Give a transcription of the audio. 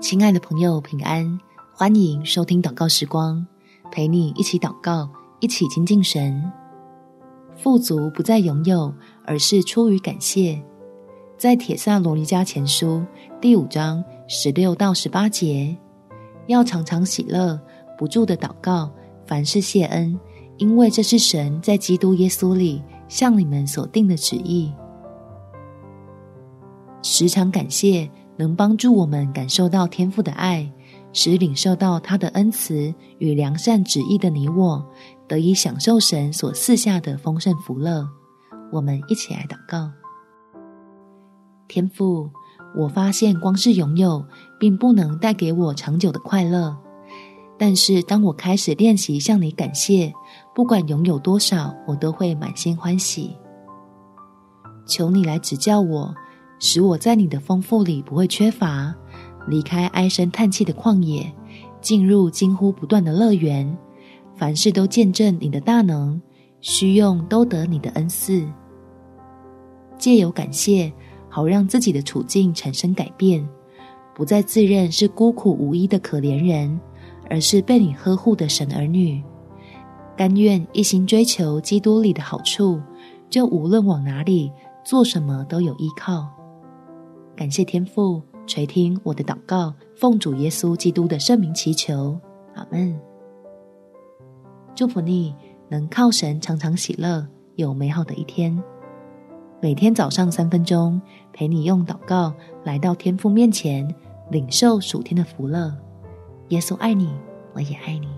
親愛的朋友，平安！歡迎收聽禱告時光，陪你一起禱告，一起親近神。富足不在擁有，而是出於感謝。在《帖撒羅尼迦前書》第五章十六到十八節，要常常喜樂，不住的禱告，凡事謝恩，因為這是神在基督耶穌裡向你們所定的旨意。時常感謝，能幫助我們感受到天父的愛，使領受到他的恩慈與良善旨意的你我，得以享受神所賜下的豐盛福樂。我們一起來禱告：天父，我發現光是擁有並不能帶給我長久的快樂，但是當我開始練習向你感謝，不管擁有多少，我都會滿心歡喜。求你來指教我。使我在你的豐富裡不會缺乏，離開唉聲嘆氣的曠野，進入驚呼不斷的樂園，凡事都見證你的大能，需用都得你的恩賜。藉由感謝，好讓自己的處境產生改變，不再自認是孤苦無依的可憐人，而是被你呵護的神兒女。甘願一心追求基督裡的好處，就無論往哪裡做什麼都有依靠。感謝天父垂聽我的禱告，奉主耶穌基督的聖名祈求，阿們。祝福你能靠神常常喜樂，有美好的一天。每天早上三分鐘，陪你用禱告來到天父面前，領受屬天的福樂。耶穌愛你，我也愛你。